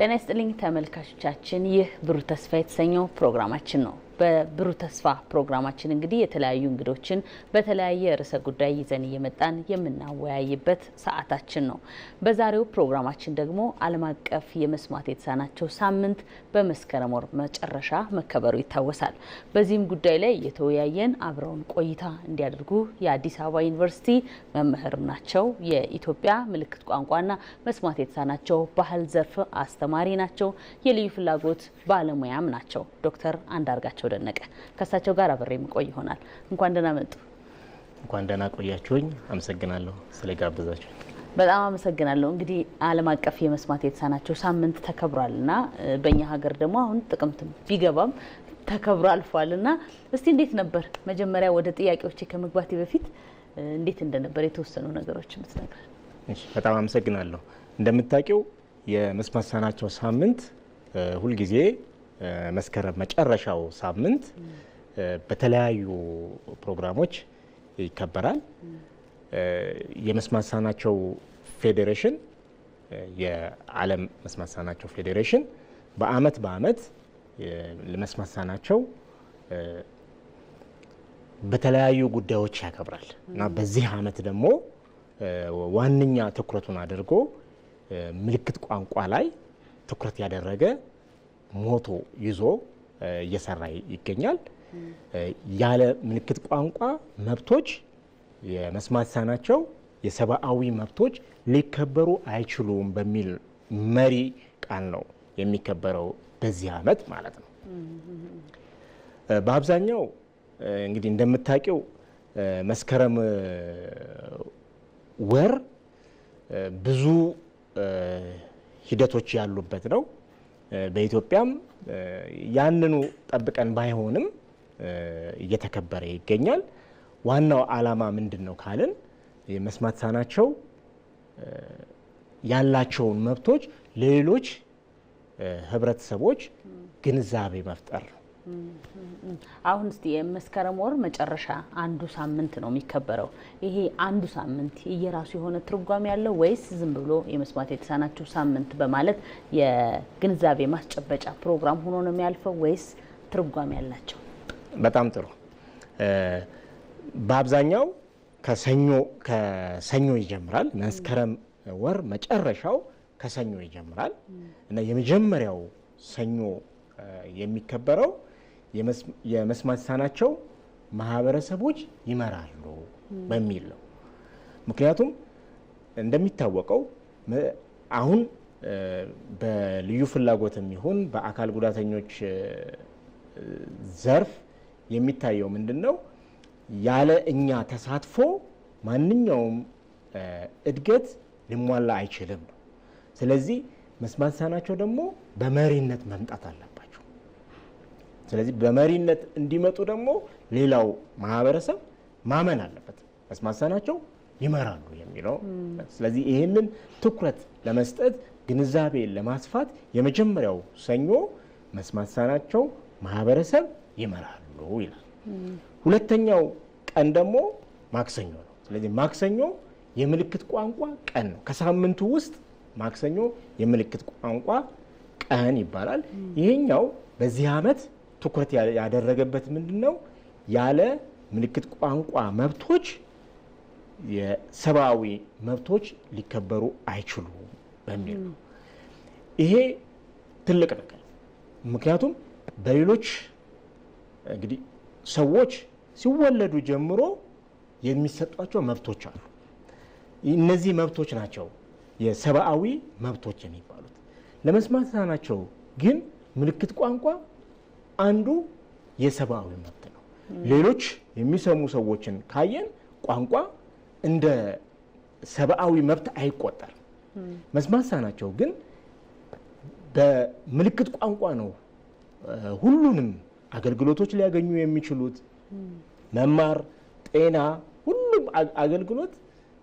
ጤና ይስጥልኝ ተመልካቾቻችን፣ ይህ ብሩህ ተስፋ የተሰኘው ፕሮግራማችን ነው። በብሩህ ተስፋ ፕሮግራማችን እንግዲህ የተለያዩ እንግዶችን በተለያየ ርዕሰ ጉዳይ ይዘን እየመጣን የምናወያይበት ሰዓታችን ነው። በዛሬው ፕሮግራማችን ደግሞ ዓለም አቀፍ የመስማት የተሳናቸው ሳምንት በመስከረም ወር መጨረሻ መከበሩ ይታወሳል። በዚህም ጉዳይ ላይ የተወያየን አብረውን ቆይታ እንዲያደርጉ የአዲስ አበባ ዩኒቨርሲቲ መምህርም ናቸው። የኢትዮጵያ ምልክት ቋንቋና መስማት የተሳናቸው ባህል ዘርፍ አስተማሪ ናቸው። የልዩ ፍላጎት ባለሙያም ናቸው። ዶክተር አንዳርጋቸው ጌታቸው ደነቀ ከእሳቸው ጋር አብሬ የምቆይ ይሆናል። እንኳን ደህና መጡ። እንኳን ደህና ቆያችሁኝ። አመሰግናለሁ ስለ ጋብዛችሁ። በጣም አመሰግናለሁ። እንግዲህ ዓለም አቀፍ የመስማት የተሳናቸው ሳምንት ተከብሯል እና በእኛ ሀገር ደግሞ አሁን ጥቅምት ቢገባም ተከብሮ አልፏል እና እስቲ እንዴት ነበር? መጀመሪያ ወደ ጥያቄዎች ከመግባቴ በፊት እንዴት እንደነበር የተወሰኑ ነገሮች የምትነግረን። በጣም አመሰግናለሁ። እንደምታውቂው የመስማት የተሳናቸው ሳምንት ሁልጊዜ መስከረም መጨረሻው ሳምንት በተለያዩ ፕሮግራሞች ይከበራል። የመስማት የተሳናቸው ፌዴሬሽን የዓለም መስማት የተሳናቸው ፌዴሬሽን በአመት በአመት ለመስማት የተሳናቸው በተለያዩ ጉዳዮች ያከብራል እና በዚህ አመት ደግሞ ዋነኛ ትኩረቱን አድርጎ ምልክት ቋንቋ ላይ ትኩረት ያደረገ ሞቶ ይዞ እየሰራ ይገኛል። ያለ ምልክት ቋንቋ መብቶች የመስማት ሳናቸው የሰብአዊ መብቶች ሊከበሩ አይችሉም በሚል መሪ ቃል ነው የሚከበረው በዚህ ዓመት ማለት ነው። በአብዛኛው እንግዲህ እንደምታውቂው መስከረም ወር ብዙ ሂደቶች ያሉበት ነው። በኢትዮጵያም ያንኑ ጠብቀን ባይሆንም እየተከበረ ይገኛል። ዋናው ዓላማ ምንድን ነው ካልን የመስማት ሳናቸው ያላቸውን መብቶች ለሌሎች ህብረተሰቦች ግንዛቤ መፍጠር ነው። አሁን እስቲ የመስከረም ወር መጨረሻ አንዱ ሳምንት ነው የሚከበረው። ይሄ አንዱ ሳምንት የራሱ የሆነ ትርጓሜ ያለው ወይስ ዝም ብሎ የመስማት የተሳናቸው ሳምንት በማለት የግንዛቤ ማስጨበጫ ፕሮግራም ሆኖ ነው የሚያልፈው ወይስ ትርጓሜ ያላቸው? በጣም ጥሩ። በአብዛኛው ከሰኞ ከሰኞ ይጀምራል። መስከረም ወር መጨረሻው ከሰኞ ይጀምራል እና የመጀመሪያው ሰኞ የሚከበረው የመስማት ሳናቸው ማህበረሰቦች ይመራሉ በሚል ነው። ምክንያቱም እንደሚታወቀው አሁን በልዩ ፍላጎት ይሁን በአካል ጉዳተኞች ዘርፍ የሚታየው ምንድን ነው? ያለ እኛ ተሳትፎ ማንኛውም እድገት ሊሟላ አይችልም። ስለዚህ መስማት ሳናቸው ደግሞ በመሪነት መምጣት አለበት። ስለዚህ በመሪነት እንዲመጡ ደግሞ ሌላው ማህበረሰብ ማመን አለበት። ናቸው ይመራሉ የሚለው ስለዚህ ይህንን ትኩረት ለመስጠት ግንዛቤ ለማስፋት የመጀመሪያው ሰኞ መስማሳናቸው ማህበረሰብ ይመራሉ ይላል። ሁለተኛው ቀን ደግሞ ማክሰኞ ነው። ስለዚህ ማክሰኞ የምልክት ቋንቋ ቀን ነው። ከሳምንቱ ውስጥ ማክሰኞ የምልክት ቋንቋ ቀን ይባላል። ይሄኛው በዚህ ዓመት ትኩረት ያደረገበት ምንድን ነው? ያለ ምልክት ቋንቋ መብቶች የሰብአዊ መብቶች ሊከበሩ አይችሉም በሚል ነው። ይሄ ትልቅ ነገር ምክንያቱም በሌሎች እንግዲህ ሰዎች ሲወለዱ ጀምሮ የሚሰጧቸው መብቶች አሉ። እነዚህ መብቶች ናቸው የሰብአዊ መብቶች የሚባሉት። ለመስማት የተሳናቸው ግን ምልክት ቋንቋ አንዱ የሰብአዊ መብት ነው። ሌሎች የሚሰሙ ሰዎችን ካየን ቋንቋ እንደ ሰብአዊ መብት አይቆጠርም። መስማሳ ናቸው፣ ግን በምልክት ቋንቋ ነው ሁሉንም አገልግሎቶች ሊያገኙ የሚችሉት። መማር፣ ጤና፣ ሁሉም አገልግሎት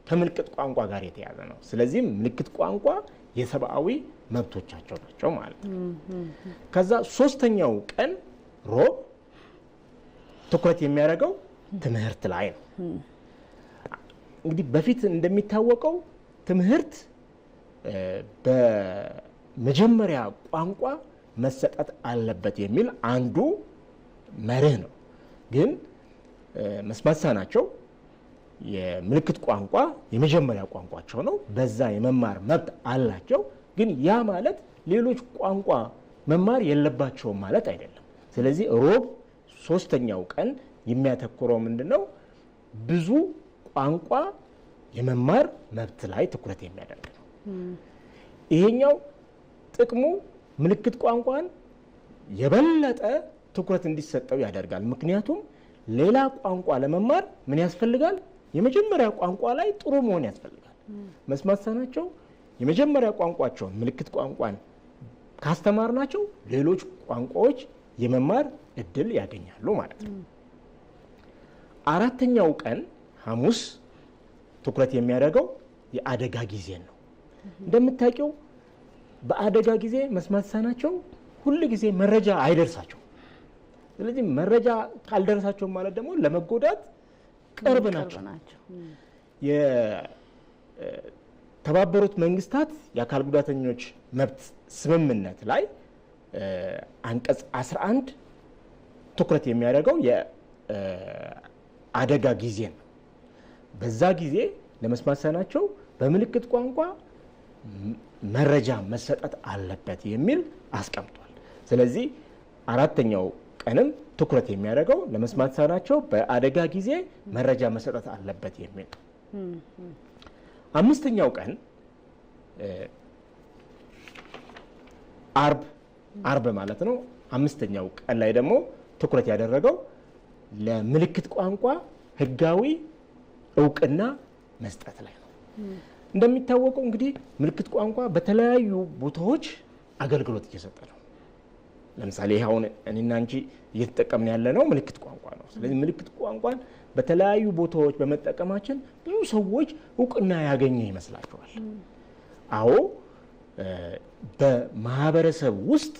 ከምልክት ቋንቋ ጋር የተያዘ ነው። ስለዚህም ምልክት ቋንቋ የሰብአዊ መብቶቻቸው ናቸው ማለት ነው። ከዛ ሶስተኛው ቀን ሮብ ትኩረት የሚያደርገው ትምህርት ላይ ነው። እንግዲህ በፊት እንደሚታወቀው ትምህርት በመጀመሪያ ቋንቋ መሰጠት አለበት የሚል አንዱ መርህ ነው። ግን መስማት ናቸው የምልክት ቋንቋ የመጀመሪያ ቋንቋቸው ነው። በዛ የመማር መብት አላቸው። ግን ያ ማለት ሌሎች ቋንቋ መማር የለባቸውም ማለት አይደለም። ስለዚህ ሮብ ሶስተኛው ቀን የሚያተኩረው ምንድን ነው? ብዙ ቋንቋ የመማር መብት ላይ ትኩረት የሚያደርግ ነው። ይሄኛው ጥቅሙ ምልክት ቋንቋን የበለጠ ትኩረት እንዲሰጠው ያደርጋል። ምክንያቱም ሌላ ቋንቋ ለመማር ምን ያስፈልጋል? የመጀመሪያ ቋንቋ ላይ ጥሩ መሆን ያስፈልጋል። መስማት ሳናቸው የመጀመሪያ ቋንቋቸውን ምልክት ቋንቋን ናቸው ሌሎች ቋንቋዎች የመማር እድል ያገኛሉ ማለት ነው። አራተኛው ቀን ሐሙስ ትኩረት የሚያደርገው የአደጋ ጊዜ ነው። እንደምታቂው በአደጋ ጊዜ መስማት ሳናቸው ሁሉ ጊዜ መረጃ አይደርሳቸው። ስለዚህ መረጃ ካልደረሳቸው ማለት ደግሞ ለመጎዳት ቅርብ ናቸው። የተባበሩት መንግስታት የአካል ጉዳተኞች መብት ስምምነት ላይ አንቀጽ 11 ትኩረት የሚያደርገው የአደጋ ጊዜ ነው። በዛ ጊዜ ለመስማት የተሳናቸው በምልክት ቋንቋ መረጃ መሰጠት አለበት የሚል አስቀምጧል። ስለዚህ አራተኛው ቀንም ትኩረት የሚያደርገው ለመስማት ሳናቸው በአደጋ ጊዜ መረጃ መሰጠት አለበት የሚል አምስተኛው ቀን አርብ አርብ ማለት ነው። አምስተኛው ቀን ላይ ደግሞ ትኩረት ያደረገው ለምልክት ቋንቋ ህጋዊ እውቅና መስጠት ላይ ነው። እንደሚታወቀው እንግዲህ ምልክት ቋንቋ በተለያዩ ቦታዎች አገልግሎት እየሰጠ ነው። ለምሳሌ ይህ አሁን እኔና አንቺ እየተጠቀምን ያለ ነው ምልክት ቋንቋ ነው። ስለዚህ ምልክት ቋንቋን በተለያዩ ቦታዎች በመጠቀማችን ብዙ ሰዎች እውቅና ያገኘ ይመስላቸዋል። አዎ በማህበረሰብ ውስጥ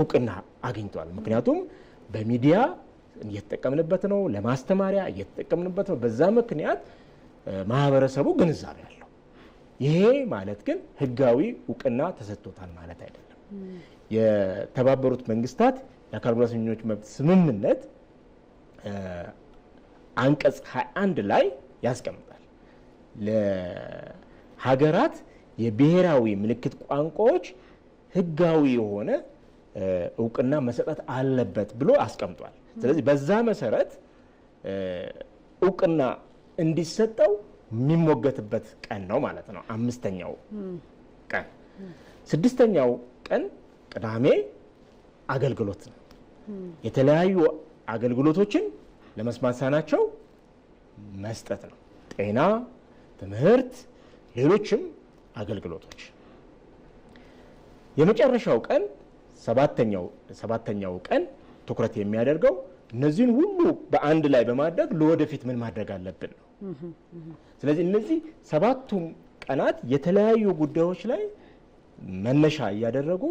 እውቅና አግኝቷል። ምክንያቱም በሚዲያ እየተጠቀምንበት ነው፣ ለማስተማሪያ እየተጠቀምንበት ነው። በዛ ምክንያት ማህበረሰቡ ግንዛቤ አለው። ይሄ ማለት ግን ህጋዊ እውቅና ተሰጥቶታል ማለት አይደለም። የተባበሩት መንግስታት የአካል ጉዳተኞች መብት ስምምነት አንቀጽ 21 ላይ ያስቀምጣል። ለሀገራት የብሔራዊ ምልክት ቋንቋዎች ህጋዊ የሆነ እውቅና መሰጠት አለበት ብሎ አስቀምጧል። ስለዚህ በዛ መሰረት እውቅና እንዲሰጠው የሚሞገትበት ቀን ነው ማለት ነው። አምስተኛው ቀን። ስድስተኛው ቀን ቅዳሜ አገልግሎት ነው። የተለያዩ አገልግሎቶችን ለመስማት ሳናቸው መስጠት ነው። ጤና፣ ትምህርት፣ ሌሎችም አገልግሎቶች። የመጨረሻው ቀን ሰባተኛው ቀን ትኩረት የሚያደርገው እነዚህን ሁሉ በአንድ ላይ በማድረግ ለወደፊት ምን ማድረግ አለብን ነው። ስለዚህ እነዚህ ሰባቱም ቀናት የተለያዩ ጉዳዮች ላይ መነሻ እያደረጉ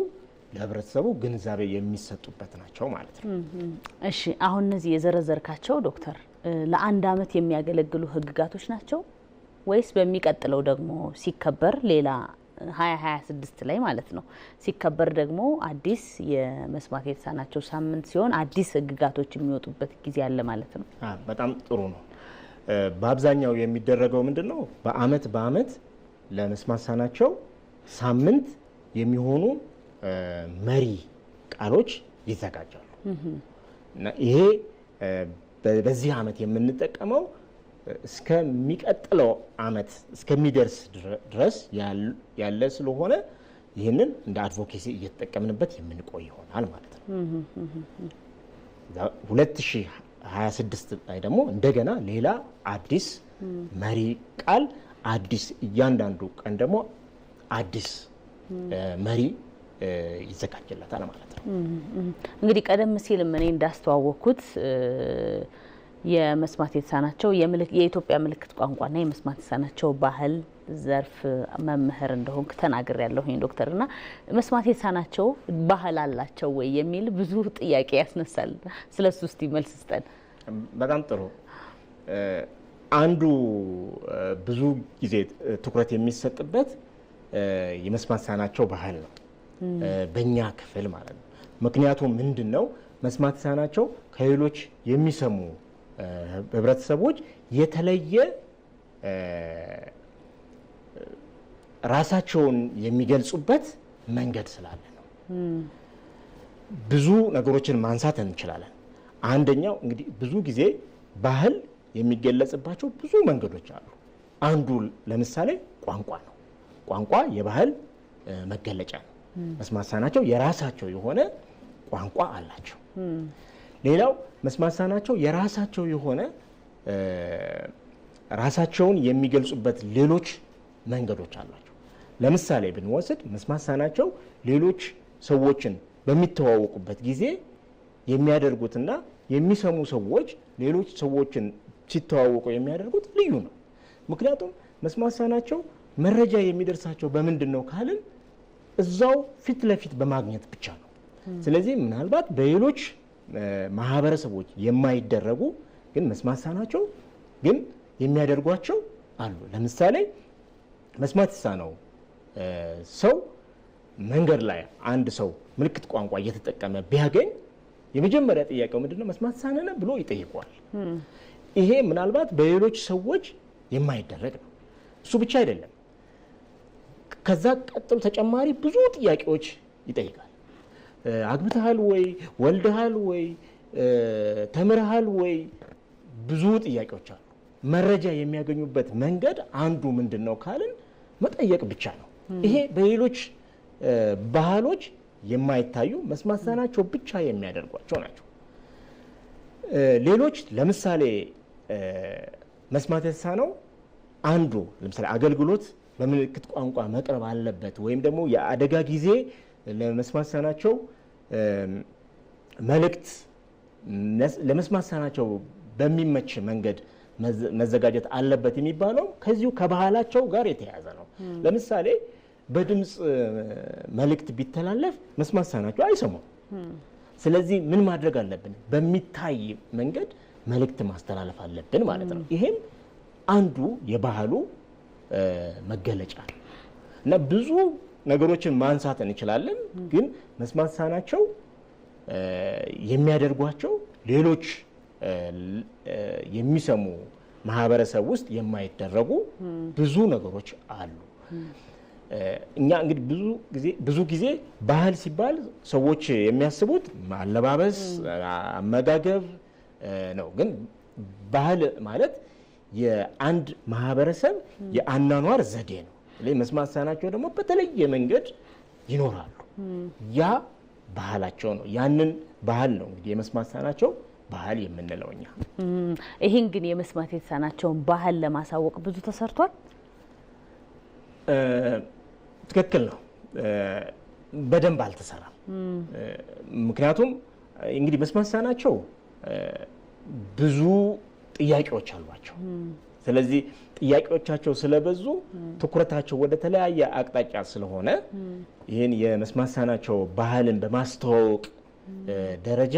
ለህብረተሰቡ ግንዛቤ የሚሰጡበት ናቸው ማለት ነው። እሺ አሁን እነዚህ የዘረዘርካቸው ዶክተር ለአንድ አመት የሚያገለግሉ ህግጋቶች ናቸው ወይስ በሚቀጥለው ደግሞ ሲከበር ሌላ 2026 ላይ ማለት ነው ሲከበር ደግሞ አዲስ የመስማት የተሳናቸው ሳምንት ሲሆን አዲስ ህግጋቶች የሚወጡበት ጊዜ አለ ማለት ነው። በጣም ጥሩ ነው። በአብዛኛው የሚደረገው ምንድን ነው? በአመት በአመት ለመስማት ሳናቸው ሳምንት የሚሆኑ መሪ ቃሎች ይዘጋጃሉ። ይሄ በዚህ ዓመት የምንጠቀመው እስከሚቀጥለው ዓመት እስከሚደርስ ድረስ ያለ ስለሆነ ይህንን እንደ አድቮኬሲ እየተጠቀምንበት የምንቆይ ይሆናል ማለት ነው። 2026 ላይ ደግሞ እንደገና ሌላ አዲስ መሪ ቃል አዲስ እያንዳንዱ ቀን ደግሞ አዲስ መሪ ይዘጋጅለታል ማለት ነው። እንግዲህ ቀደም ሲልም እኔ እንዳስተዋወቅኩት የመስማት የተሳናቸው የኢትዮጵያ ምልክት ቋንቋና የመስማት የተሳናቸው ባህል ዘርፍ መምህር እንደሆንክ ተናግር ያለሁኝ ዶክተር እና መስማት የተሳናቸው ባህል አላቸው ወይ የሚል ብዙ ጥያቄ ያስነሳል። ስለ እሱ እስቲ መልስ ስጠን። በጣም ጥሩ። አንዱ ብዙ ጊዜ ትኩረት የሚሰጥበት የመስማት የተሳናቸው ባህል ነው። በእኛ ክፍል ማለት ነው። ምክንያቱም ምንድን ነው መስማት የተሳናቸው ከሌሎች የሚሰሙ ህብረተሰቦች የተለየ ራሳቸውን የሚገልጹበት መንገድ ስላለ ነው። ብዙ ነገሮችን ማንሳት እንችላለን። አንደኛው እንግዲህ ብዙ ጊዜ ባህል የሚገለጽባቸው ብዙ መንገዶች አሉ። አንዱ ለምሳሌ ቋንቋ ነው። ቋንቋ የባህል መገለጫ ነው። መስማሳ ናቸው የራሳቸው የሆነ ቋንቋ አላቸው። ሌላው መስማሳ ናቸው የራሳቸው የሆነ ራሳቸውን የሚገልጹበት ሌሎች መንገዶች አሏቸው። ለምሳሌ ብንወስድ መስማሳ ናቸው ሌሎች ሰዎችን በሚተዋወቁበት ጊዜ የሚያደርጉትና የሚሰሙ ሰዎች ሌሎች ሰዎችን ሲተዋወቁ የሚያደርጉት ልዩ ነው። ምክንያቱም መስማሳ ናቸው መረጃ የሚደርሳቸው በምንድን ነው ካልን እዛው ፊት ለፊት በማግኘት ብቻ ነው። ስለዚህ ምናልባት በሌሎች ማህበረሰቦች የማይደረጉ ግን መስማት ሳናቸው ግን የሚያደርጓቸው አሉ። ለምሳሌ መስማት ነው ሰው መንገድ ላይ አንድ ሰው ምልክት ቋንቋ እየተጠቀመ ቢያገኝ የመጀመሪያ ጥያቄው ምንድነው? መስማት ሳነነ ብሎ ይጠይቋል። ይሄ ምናልባት በሌሎች ሰዎች የማይደረግ ነው። እሱ ብቻ አይደለም። ከዛ ቀጥሎ ተጨማሪ ብዙ ጥያቄዎች ይጠይቃል። አግብተሃል ወይ? ወልደሃል ወይ? ተምርሃል ወይ? ብዙ ጥያቄዎች አሉ። መረጃ የሚያገኙበት መንገድ አንዱ ምንድን ነው ካልን መጠየቅ ብቻ ነው። ይሄ በሌሎች ባህሎች የማይታዩ መስማት ብቻ የሚያደርጓቸው ናቸው። ሌሎች ለምሳሌ መስማት የተሳነው አንዱ ለምሳሌ አገልግሎት በምልክት ቋንቋ መቅረብ አለበት። ወይም ደግሞ የአደጋ ጊዜ ለመስማት ሳናቸው መልእክት ለመስማት ሳናቸው በሚመች መንገድ መዘጋጀት አለበት የሚባለው ከዚሁ ከባህላቸው ጋር የተያያዘ ነው። ለምሳሌ በድምፅ መልእክት ቢተላለፍ መስማት ሳናቸው አይሰሙም። ስለዚህ ምን ማድረግ አለብን? በሚታይ መንገድ መልእክት ማስተላለፍ አለብን ማለት ነው። ይሄም አንዱ የባህሉ መገለጫ ነው እና ብዙ ነገሮችን ማንሳት እንችላለን። ግን መስማት ሳናቸው የሚያደርጓቸው ሌሎች የሚሰሙ ማህበረሰብ ውስጥ የማይደረጉ ብዙ ነገሮች አሉ። እኛ እንግዲህ ብዙ ጊዜ ባህል ሲባል ሰዎች የሚያስቡት አለባበስ፣ አመጋገብ ነው። ግን ባህል ማለት የአንድ ማህበረሰብ የአናኗር ዘዴ ነው። መስማት የተሳናቸው ደግሞ በተለየ መንገድ ይኖራሉ። ያ ባህላቸው ነው። ያንን ባህል ነው እንግዲህ የመስማት የተሳናቸው ባህል የምንለው እኛ። ይህን ግን የመስማት የተሳናቸውን ባህል ለማሳወቅ ብዙ ተሰርቷል። ትክክል ነው። በደንብ አልተሰራም። ምክንያቱም እንግዲህ መስማት የተሳናቸው ብዙ ጥያቄዎች አሏቸው። ስለዚህ ጥያቄዎቻቸው ስለበዙ ትኩረታቸው ወደ ተለያየ አቅጣጫ ስለሆነ ይህን የመስማት ባህልን በማስተዋወቅ ደረጃ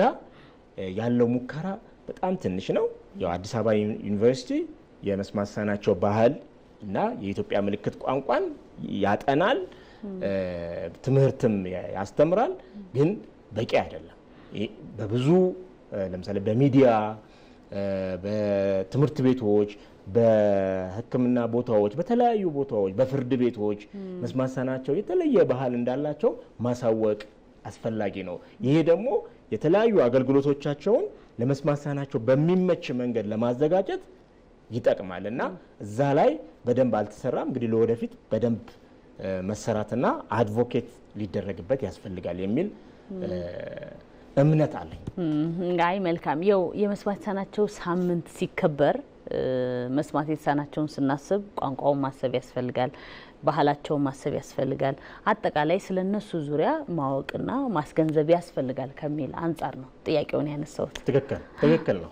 ያለው ሙከራ በጣም ትንሽ ነው። ያው አዲስ አበባ ዩኒቨርሲቲ የመስማት ባህል እና የኢትዮጵያ ምልክት ቋንቋን ያጠናል፣ ትምህርትም ያስተምራል። ግን በቂ አይደለም። በብዙ ለምሳሌ በሚዲያ በትምህርት ቤቶች፣ በሕክምና ቦታዎች፣ በተለያዩ ቦታዎች፣ በፍርድ ቤቶች መስማሳናቸው የተለየ ባህል እንዳላቸው ማሳወቅ አስፈላጊ ነው። ይሄ ደግሞ የተለያዩ አገልግሎቶቻቸውን ለመስማሳናቸው በሚመች መንገድ ለማዘጋጀት ይጠቅማል እና እዛ ላይ በደንብ አልተሰራም። እንግዲህ ለወደፊት በደንብ መሰራትና አድቮኬት ሊደረግበት ያስፈልጋል የሚል እምነት አለኝ። አይ መልካም። የው የመስማት የተሳናቸው ሳምንት ሲከበር መስማት የተሳናቸውን ስናስብ ቋንቋውን ማሰብ ያስፈልጋል፣ ባህላቸውን ማሰብ ያስፈልጋል። አጠቃላይ ስለ እነሱ ዙሪያ ማወቅና ማስገንዘብ ያስፈልጋል ከሚል አንጻር ነው ጥያቄውን ያነሳሁት። ትክክል ትክክል ነው።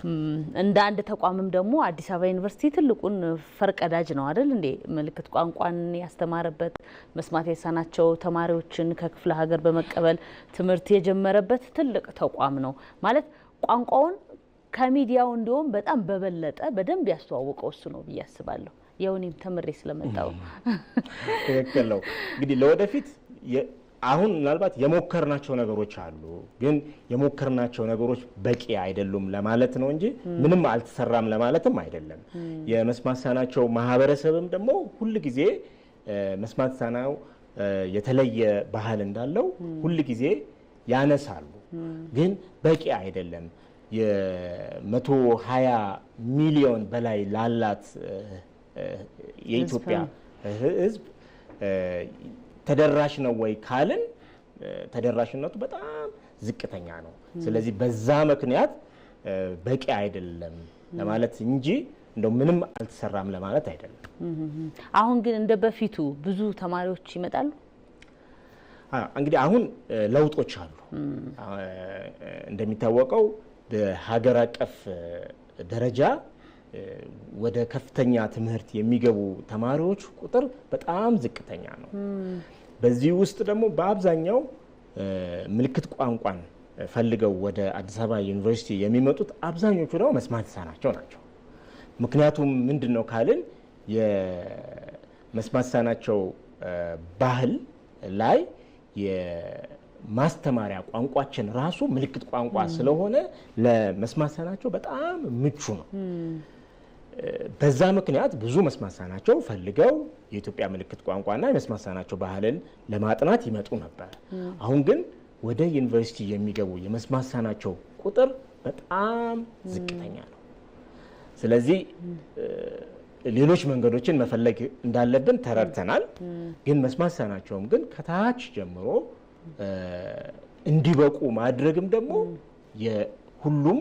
እንደ አንድ ተቋምም ደግሞ አዲስ አበባ ዩኒቨርሲቲ ትልቁን ፈርቀዳጅ ነው አይደል እንዴ? ምልክት ቋንቋን ያስተማረበት መስማት የተሳናቸው ተማሪዎችን ከክፍለ ሀገር በመቀበል ትምህርት የጀመረበት ትልቅ ተቋም ነው ማለት ቋንቋውን ከሚዲያው እንደውም በጣም በበለጠ በደንብ ያስተዋወቀው እሱ ነው ብዬ አስባለሁ። የውኔም ተምሬ ስለመጣው ትክክል ነው። እንግዲህ ለወደፊት አሁን ምናልባት የሞከርናቸው ነገሮች አሉ፣ ግን የሞከርናቸው ነገሮች በቂ አይደሉም ለማለት ነው እንጂ ምንም አልተሰራም ለማለትም አይደለም። የመስማት የተሳናቸው ማህበረሰብም ደግሞ ሁል ጊዜ መስማት የተለየ ባህል እንዳለው ሁል ጊዜ ያነሳሉ፣ ግን በቂ አይደለም። የ120 ሚሊዮን በላይ ላላት የኢትዮጵያ ህዝብ ተደራሽ ነው ወይ ካልን ተደራሽነቱ በጣም ዝቅተኛ ነው። ስለዚህ በዛ ምክንያት በቂ አይደለም ለማለት እንጂ እንደው ምንም አልተሰራም ለማለት አይደለም። አሁን ግን እንደ በፊቱ ብዙ ተማሪዎች ይመጣሉ። እንግዲህ አሁን ለውጦች አሉ። እንደሚታወቀው በሀገር አቀፍ ደረጃ ወደ ከፍተኛ ትምህርት የሚገቡ ተማሪዎች ቁጥር በጣም ዝቅተኛ ነው። በዚህ ውስጥ ደግሞ በአብዛኛው ምልክት ቋንቋን ፈልገው ወደ አዲስ አበባ ዩኒቨርሲቲ የሚመጡት አብዛኞቹ ደግሞ መስማት የተሳናቸው ናቸው። ምክንያቱም ምንድን ነው ካልን የመስማት የተሳናቸው ባህል ላይ ማስተማሪያ ቋንቋችን ራሱ ምልክት ቋንቋ ስለሆነ ለመስማሳናቸው በጣም ምቹ ነው። በዛ ምክንያት ብዙ መስማሳናቸው ፈልገው የኢትዮጵያ ምልክት ቋንቋና የመስማሳናቸው ባህልን ለማጥናት ይመጡ ነበር። አሁን ግን ወደ ዩኒቨርሲቲ የሚገቡ የመስማሳናቸው ቁጥር በጣም ዝቅተኛ ነው። ስለዚህ ሌሎች መንገዶችን መፈለግ እንዳለብን ተረድተናል። ግን መስማሳናቸውም ግን ከታች ጀምሮ እንዲበቁ ማድረግም ደግሞ የሁሉም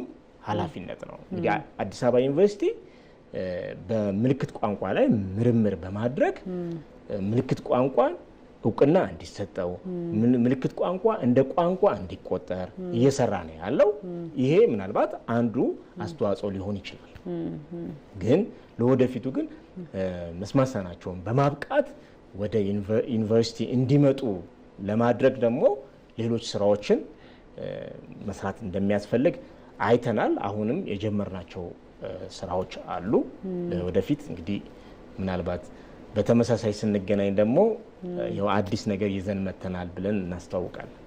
ኃላፊነት ነው። እንግዲህ አዲስ አበባ ዩኒቨርሲቲ በምልክት ቋንቋ ላይ ምርምር በማድረግ ምልክት ቋንቋን እውቅና እንዲሰጠው ምልክት ቋንቋ እንደ ቋንቋ እንዲቆጠር እየሰራ ነው ያለው። ይሄ ምናልባት አንዱ አስተዋጽኦ ሊሆን ይችላል። ግን ለወደፊቱ ግን መስማሳናቸውን በማብቃት ወደ ዩኒቨርሲቲ እንዲመጡ ለማድረግ ደግሞ ሌሎች ስራዎችን መስራት እንደሚያስፈልግ አይተናል። አሁንም የጀመርናቸው ስራዎች አሉ። ወደፊት እንግዲህ ምናልባት በተመሳሳይ ስንገናኝ ደግሞ ያው አዲስ ነገር ይዘን መተናል ብለን እናስታውቃለን።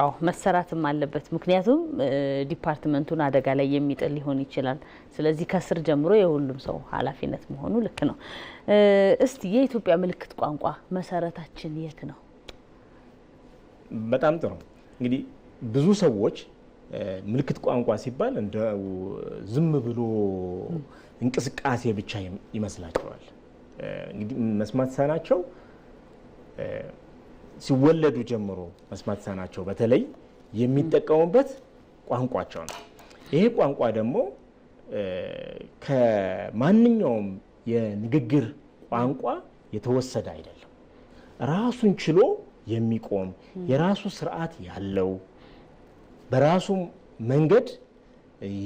አዎ መሰራትም አለበት። ምክንያቱም ዲፓርትመንቱን አደጋ ላይ የሚጥል ሊሆን ይችላል። ስለዚህ ከስር ጀምሮ የሁሉም ሰው ኃላፊነት መሆኑ ልክ ነው። እስቲ የኢትዮጵያ ምልክት ቋንቋ መሰረታችን የት ነው? በጣም ጥሩ። እንግዲህ ብዙ ሰዎች ምልክት ቋንቋ ሲባል እንደ ዝም ብሎ እንቅስቃሴ ብቻ ይመስላቸዋል። እንግዲህ መስማት ሳናቸው ሲወለዱ ጀምሮ መስማት ሳናቸው በተለይ የሚጠቀሙበት ቋንቋቸው ነው። ይሄ ቋንቋ ደግሞ ከማንኛውም የንግግር ቋንቋ የተወሰደ አይደለም። ራሱን ችሎ የሚቆም የራሱ ስርዓት ያለው በራሱ መንገድ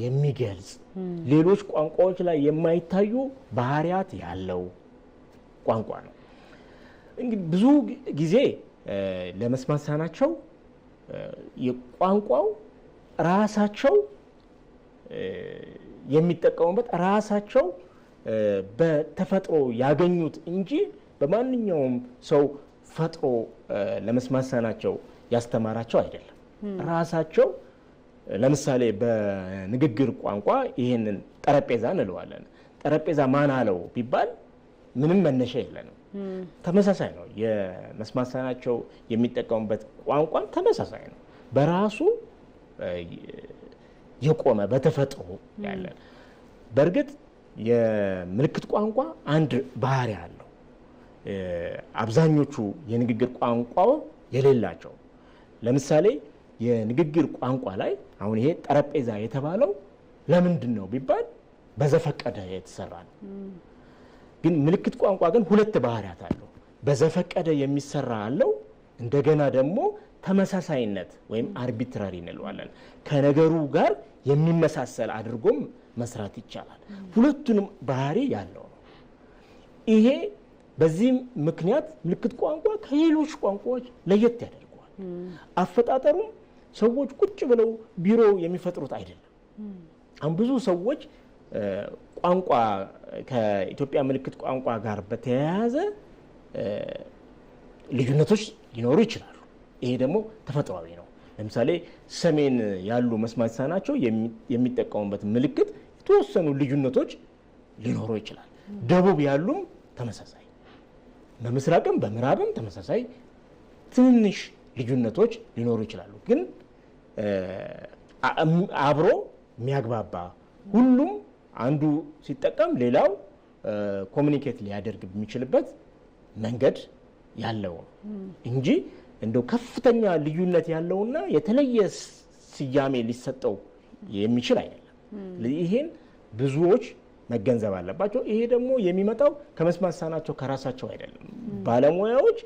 የሚገልጽ ሌሎች ቋንቋዎች ላይ የማይታዩ ባህሪያት ያለው ቋንቋ ነው። እንግዲህ ብዙ ጊዜ ለመስማት ሳናቸው የቋንቋው ራሳቸው የሚጠቀሙበት ራሳቸው በተፈጥሮ ያገኙት እንጂ በማንኛውም ሰው ፈጥሮ ለመስማት ያስተማራቸው አይደለም። ራሳቸው ለምሳሌ በንግግር ቋንቋ ይህንን ጠረጴዛ እንለዋለን። ጠረጴዛ ማን አለው ቢባል ምንም መነሻ የለንም። ተመሳሳይ ነው። የመስማት የሚጠቀሙበት ቋንቋም ተመሳሳይ ነው። በራሱ የቆመ በተፈጥሮ ያለን። በእርግጥ የምልክት ቋንቋ አንድ ባህሪ አለው። አብዛኞቹ የንግግር ቋንቋው የሌላቸው ለምሳሌ የንግግር ቋንቋ ላይ አሁን ይሄ ጠረጴዛ የተባለው ለምንድን ነው ቢባል በዘፈቀደ የተሰራ ነው። ግን ምልክት ቋንቋ ግን ሁለት ባህሪያት አለው። በዘፈቀደ የሚሰራ አለው። እንደገና ደግሞ ተመሳሳይነት ወይም አርቢትራሪ እንለዋለን። ከነገሩ ጋር የሚመሳሰል አድርጎም መስራት ይቻላል። ሁለቱንም ባህሪ ያለው ነው ይሄ በዚህም ምክንያት ምልክት ቋንቋ ከሌሎች ቋንቋዎች ለየት ያደርገዋል። አፈጣጠሩም ሰዎች ቁጭ ብለው ቢሮ የሚፈጥሩት አይደለም። አሁን ብዙ ሰዎች ቋንቋ ከኢትዮጵያ ምልክት ቋንቋ ጋር በተያያዘ ልዩነቶች ሊኖሩ ይችላሉ። ይሄ ደግሞ ተፈጥሯዊ ነው። ለምሳሌ ሰሜን ያሉ መስማት የተሳናቸው የሚጠቀሙበት ምልክት የተወሰኑ ልዩነቶች ሊኖሩ ይችላል። ደቡብ ያሉም ተመሳሳይ በምስራቅም በምዕራብም ተመሳሳይ ትንንሽ ልዩነቶች ሊኖሩ ይችላሉ። ግን አብሮ የሚያግባባ ሁሉም አንዱ ሲጠቀም ሌላው ኮሚኒኬት ሊያደርግ የሚችልበት መንገድ ያለው እንጂ እንደው ከፍተኛ ልዩነት ያለውና የተለየ ስያሜ ሊሰጠው የሚችል አይደለም። ይሄን ብዙዎች መገንዘብ አለባቸው። ይሄ ደግሞ የሚመጣው ከመስማት ሳናቸው ከራሳቸው አይደለም። ባለሙያዎች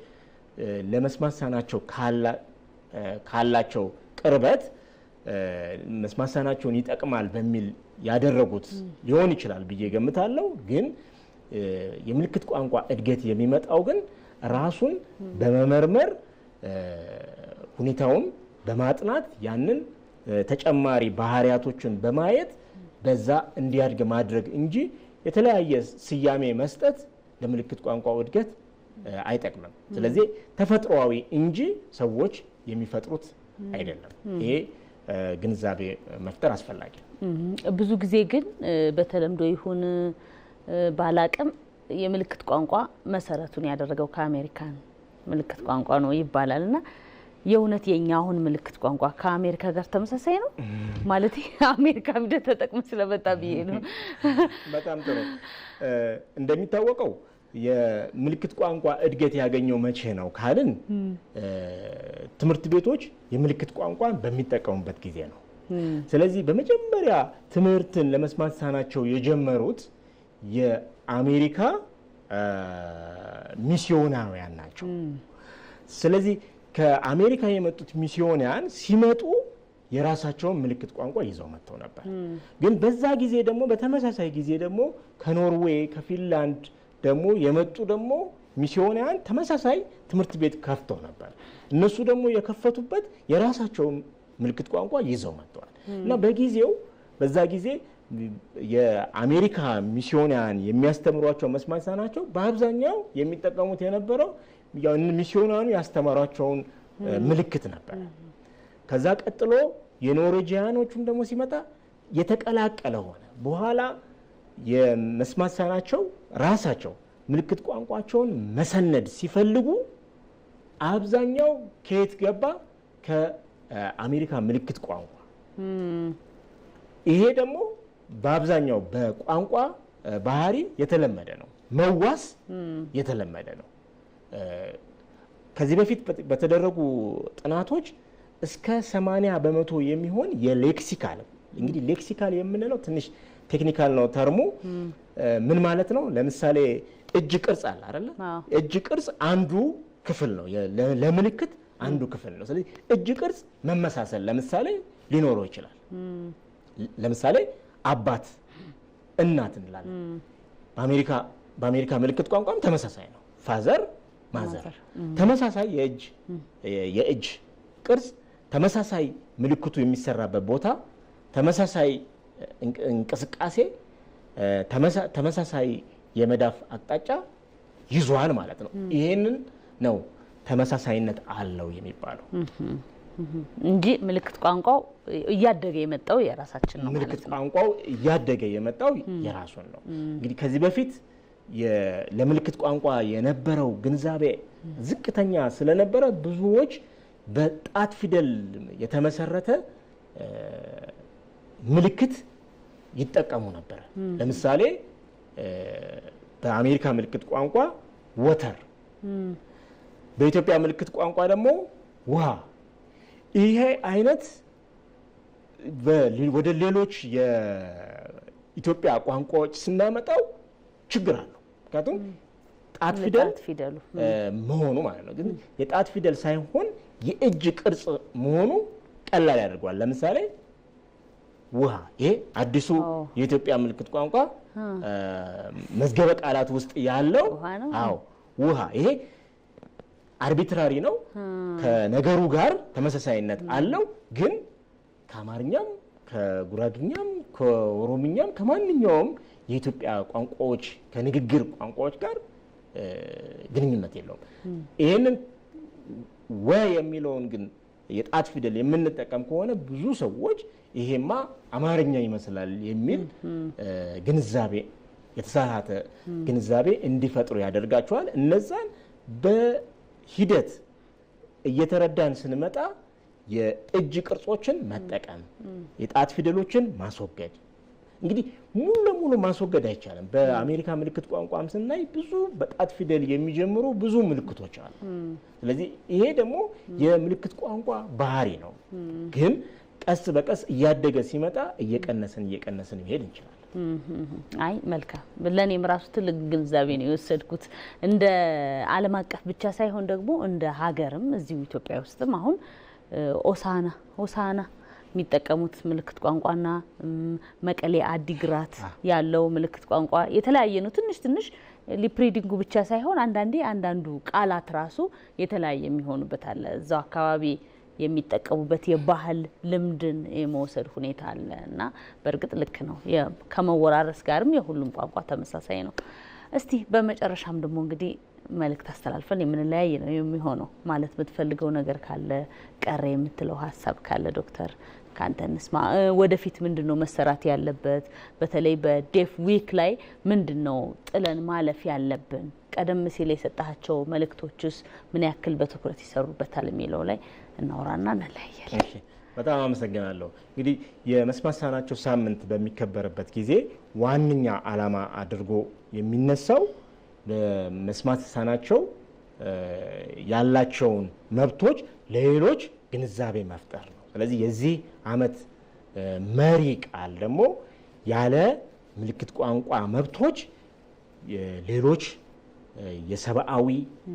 ለመስማት ሳናቸው ካላቸው ቅርበት መስማት ሳናቸውን ይጠቅማል በሚል ያደረጉት ሊሆን ይችላል ብዬ ገምታለሁ። ግን የምልክት ቋንቋ እድገት የሚመጣው ግን ራሱን በመመርመር ሁኔታውን በማጥናት ያንን ተጨማሪ ባህሪያቶችን በማየት ለዛ እንዲያድግ ማድረግ እንጂ የተለያየ ስያሜ መስጠት ለምልክት ቋንቋ እድገት አይጠቅምም። ስለዚህ ተፈጥሯዊ እንጂ ሰዎች የሚፈጥሩት አይደለም። ይሄ ግንዛቤ መፍጠር አስፈላጊ። ብዙ ጊዜ ግን በተለምዶ ይሁን ባላቅም የምልክት ቋንቋ መሰረቱን ያደረገው ከአሜሪካን ምልክት ቋንቋ ነው ይባላል እና የእውነት የእኛ አሁን ምልክት ቋንቋ ከአሜሪካ ጋር ተመሳሳይ ነው ማለት አሜሪካ ሚደ ተጠቅመ ስለመጣ ብዬ ነው። በጣም ጥሩ። እንደሚታወቀው የምልክት ቋንቋ እድገት ያገኘው መቼ ነው ካልን ትምህርት ቤቶች የምልክት ቋንቋን በሚጠቀሙበት ጊዜ ነው። ስለዚህ በመጀመሪያ ትምህርትን ለመስማት ሳናቸው የጀመሩት የአሜሪካ ሚስዮናውያን ናቸው። ስለዚህ ከአሜሪካ የመጡት ሚስዮንያን ሲመጡ የራሳቸውን ምልክት ቋንቋ ይዘው መጥተው ነበር። ግን በዛ ጊዜ ደግሞ በተመሳሳይ ጊዜ ደግሞ ከኖርዌይ ከፊንላንድ ደግሞ የመጡ ደግሞ ሚስዮናውያን ተመሳሳይ ትምህርት ቤት ከፍተው ነበር። እነሱ ደግሞ የከፈቱበት የራሳቸውን ምልክት ቋንቋ ይዘው መጥተዋል እና በጊዜው በዛ ጊዜ የአሜሪካ ሚስዮናውያን የሚያስተምሯቸው መስማት የተሳናቸው በአብዛኛው የሚጠቀሙት የነበረው ሚስዮናውያኑ ያስተማሯቸውን ምልክት ነበር። ከዛ ቀጥሎ የኖርዌጂያኖቹም ደግሞ ሲመጣ የተቀላቀለ ሆነ። በኋላ የመስማት የተሳናቸው ራሳቸው ምልክት ቋንቋቸውን መሰነድ ሲፈልጉ አብዛኛው ከየት ገባ? ከአሜሪካ ምልክት ቋንቋ ይሄ ደግሞ በአብዛኛው በቋንቋ ባህሪ የተለመደ ነው። መዋስ የተለመደ ነው። ከዚህ በፊት በተደረጉ ጥናቶች እስከ 80 በመቶ የሚሆን የሌክሲካል እንግዲህ ሌክሲካል የምንለው ትንሽ ቴክኒካል ነው ተርሙ ምን ማለት ነው? ለምሳሌ እጅ ቅርጽ አለ አይደለ? እጅ ቅርጽ አንዱ ክፍል ነው ለምልክት አንዱ ክፍል ነው። ስለዚህ እጅ ቅርጽ መመሳሰል ለምሳሌ ሊኖረው ይችላል። ለምሳሌ አባት፣ እናት እንላለን። በአሜሪካ ምልክት ቋንቋም ተመሳሳይ ነው። ፋዘር፣ ማዘር ተመሳሳይ የእጅ ቅርጽ፣ ተመሳሳይ ምልክቱ የሚሰራበት ቦታ፣ ተመሳሳይ እንቅስቃሴ፣ ተመሳሳይ የመዳፍ አቅጣጫ ይዟል ማለት ነው። ይህንን ነው ተመሳሳይነት አለው የሚባለው። እንጂ ምልክት ቋንቋው እያደገ የመጣው የራሳችን ነው። ምልክት ቋንቋው እያደገ የመጣው የራሱን ነው። እንግዲህ ከዚህ በፊት ለምልክት ቋንቋ የነበረው ግንዛቤ ዝቅተኛ ስለነበረ ብዙዎች በጣት ፊደል የተመሰረተ ምልክት ይጠቀሙ ነበረ። ለምሳሌ በአሜሪካ ምልክት ቋንቋ ወተር፣ በኢትዮጵያ ምልክት ቋንቋ ደግሞ ውሃ ይሄ አይነት ወደ ሌሎች የኢትዮጵያ ቋንቋዎች ስናመጣው ችግር አለው። ምክንያቱም ጣት ፊደል መሆኑ ማለት ነው። ግን የጣት ፊደል ሳይሆን የእጅ ቅርጽ መሆኑ ቀላል ያደርገዋል። ለምሳሌ ውሃ፣ ይሄ አዲሱ የኢትዮጵያ ምልክት ቋንቋ መዝገበ ቃላት ውስጥ ያለው ውሃ ይሄ አርቢትራሪ ነው። ከነገሩ ጋር ተመሳሳይነት አለው ግን ከአማርኛም ከጉራግኛም ከኦሮምኛም ከማንኛውም የኢትዮጵያ ቋንቋዎች ከንግግር ቋንቋዎች ጋር ግንኙነት የለውም። ይህንን ወ የሚለውን ግን የጣት ፊደል የምንጠቀም ከሆነ ብዙ ሰዎች ይሄማ አማርኛ ይመስላል የሚል ግንዛቤ የተሳሳተ ግንዛቤ እንዲፈጥሩ ያደርጋቸዋል። እነዛን በ ሂደት እየተረዳን ስንመጣ የእጅ ቅርጾችን መጠቀም፣ የጣት ፊደሎችን ማስወገድ እንግዲህ ሙሉ ለሙሉ ማስወገድ አይቻልም። በአሜሪካ ምልክት ቋንቋም ስናይ ብዙ በጣት ፊደል የሚጀምሩ ብዙ ምልክቶች አሉ። ስለዚህ ይሄ ደግሞ የምልክት ቋንቋ ባህሪ ነው። ግን ቀስ በቀስ እያደገ ሲመጣ እየቀነስን እየቀነስን መሄድ እንችላለን። አይ መልካም ለእኔም ራሱ ትልቅ ግንዛቤ ነው የወሰድኩት። እንደ ዓለም አቀፍ ብቻ ሳይሆን ደግሞ እንደ ሀገርም እዚሁ ኢትዮጵያ ውስጥም አሁን ኦሳና ሆሳዕና የሚጠቀሙት ምልክት ቋንቋና መቀሌ አዲግራት ያለው ምልክት ቋንቋ የተለያየ ነው። ትንሽ ትንሽ ሊፕሪዲንጉ ብቻ ሳይሆን አንዳንዴ አንዳንዱ ቃላት ራሱ የተለያየ የሚሆኑበት አለ እዛው አካባቢ የሚጠቀሙበት የባህል ልምድን የመውሰድ ሁኔታ አለ እና በእርግጥ ልክ ነው። ከመወራረስ ጋርም የሁሉም ቋንቋ ተመሳሳይ ነው። እስቲ በመጨረሻም ደግሞ እንግዲህ መልእክት አስተላልፈን የምንለያይ ነው የሚሆነው። ማለት የምትፈልገው ነገር ካለ ቀረ የምትለው ሀሳብ ካለ ዶክተር ከአንተ እንስማ። ወደፊት ምንድን ነው መሰራት ያለበት? በተለይ በዴፍ ዊክ ላይ ምንድን ነው ጥለን ማለፍ ያለብን? ቀደም ሲል የሰጣቸው መልእክቶችስ ምን ያክል በትኩረት ይሰሩበታል የሚለው ላይ እናውራና እንለያያለን። በጣም አመሰግናለሁ። እንግዲህ የመስማት የተሳናቸው ሳምንት በሚከበርበት ጊዜ ዋነኛ ዓላማ አድርጎ የሚነሳው ለመስማት የተሳናቸው ያላቸውን መብቶች ለሌሎች ግንዛቤ መፍጠር ነው። ስለዚህ የዚህ ዓመት መሪ ቃል ደግሞ ያለ ምልክት ቋንቋ መብቶች ሌሎች የሰብአዊ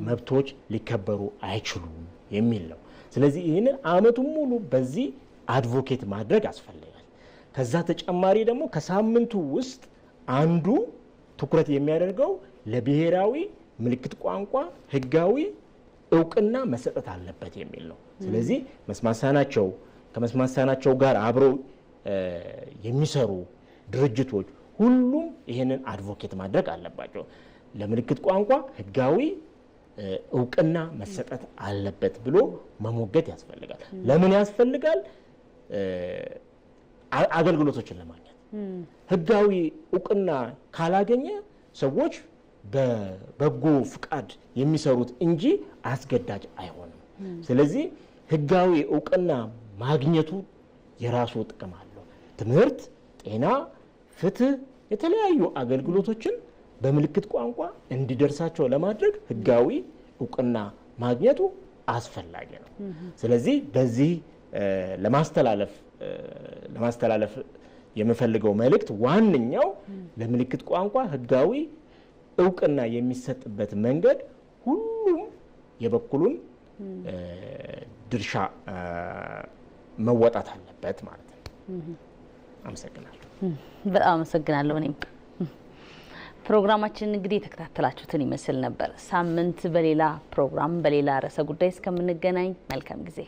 መብቶች ሊከበሩ አይችሉም የሚል ነው። ስለዚህ ይህንን አመቱን ሙሉ በዚህ አድቮኬት ማድረግ ያስፈልጋል። ከዛ ተጨማሪ ደግሞ ከሳምንቱ ውስጥ አንዱ ትኩረት የሚያደርገው ለብሔራዊ ምልክት ቋንቋ ህጋዊ እውቅና መሰጠት አለበት የሚል ነው። ስለዚህ መስማሳናቸው ከመስማሳናቸው ጋር አብረው የሚሰሩ ድርጅቶች ሁሉም ይህንን አድቮኬት ማድረግ አለባቸው። ለምልክት ቋንቋ ህጋዊ እውቅና መሰጠት አለበት ብሎ መሞገት ያስፈልጋል። ለምን ያስፈልጋል? አገልግሎቶችን ለማግኘት ህጋዊ እውቅና ካላገኘ ሰዎች በበጎ ፍቃድ የሚሰሩት እንጂ አስገዳጅ አይሆንም። ስለዚህ ህጋዊ እውቅና ማግኘቱ የራሱ ጥቅም አለው። ትምህርት፣ ጤና፣ ፍትህ የተለያዩ አገልግሎቶችን በምልክት ቋንቋ እንዲደርሳቸው ለማድረግ ህጋዊ እውቅና ማግኘቱ አስፈላጊ ነው። ስለዚህ በዚህ ለማስተላለፍ ለማስተላለፍ የምፈልገው መልእክት ዋነኛው ለምልክት ቋንቋ ህጋዊ እውቅና የሚሰጥበት መንገድ ሁሉም የበኩሉን ድርሻ መወጣት አለበት ማለት ነው። አመሰግናለሁ። በጣም አመሰግናለሁ እኔም ፕሮግራማችን እንግዲህ የተከታተላችሁትን ይመስል ነበር። ሳምንት በሌላ ፕሮግራም በሌላ ርዕሰ ጉዳይ እስከምንገናኝ መልካም ጊዜ